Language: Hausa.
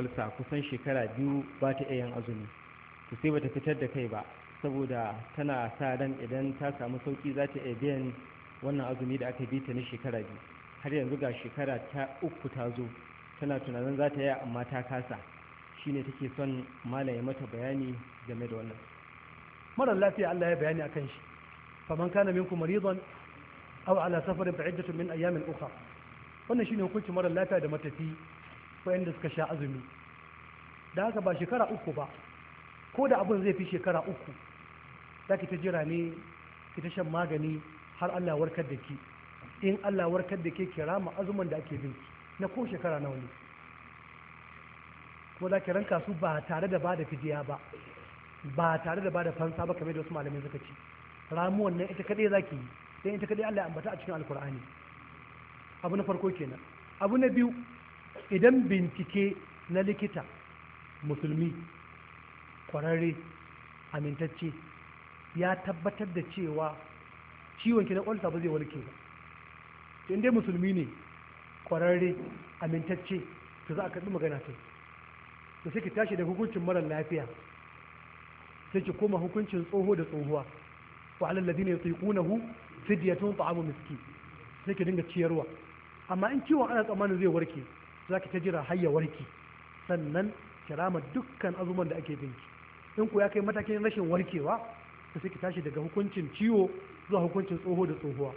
ƙwalsa kusan shekara biyu ba ta iya yin azumi to sai bata fitar da kai ba saboda tana sa ran idan ta samu sauki za ta iya biyan wannan azumi da aka bi ta na shekara biyu har yanzu ga shekara ta uku ta zo tana tunanin za ta yi amma ta kasa shine take son malam ya mata bayani game da wannan mara lafiya Allah ya bayani akan shi faman kana minkum maridan aw ala safarin fa min ayyamin ukhra wannan shine hukuncin mara lafiya da matafi wayanda suka sha azumi da haka ba shekara uku ba ko da abin zai fi shekara uku za ki ta jira ne ki ta shan magani har Allah warkar da ke. in Allah warkar da ke kira ma azumin da ake bin na ko shekara nawa ne ko za ki ranka su ba tare da ba da fidiya ba ba tare da ba da fansa ba kamar da wasu malamai suka ce ramuwan nan ita kadai za ki yi dan ita kadai Allah ya ambata a cikin alkur'ani abu na farko kenan abu na biyu idan bincike na likita musulmi kwararre amintacce ya tabbatar da cewa ciwon ki na ƙwalta ba zai warke ba in dai musulmi ne kwararre amintacce to za a karɓi magana ta to sai ki tashi da hukuncin mara lafiya sai ki koma hukuncin tsoho da tsohuwa wa alal ladina yutiqunahu fidyatun ta'amu miski sai ki dinga ciyarwa amma in ciwon ana tsammanin zai warke za ka ta jira har sannan kirama dukkan azuman da ake binki in ku ya kai matakin rashin warkewa ta sai ki tashi daga hukuncin ciwo zuwa hukuncin tsoho da tsohuwa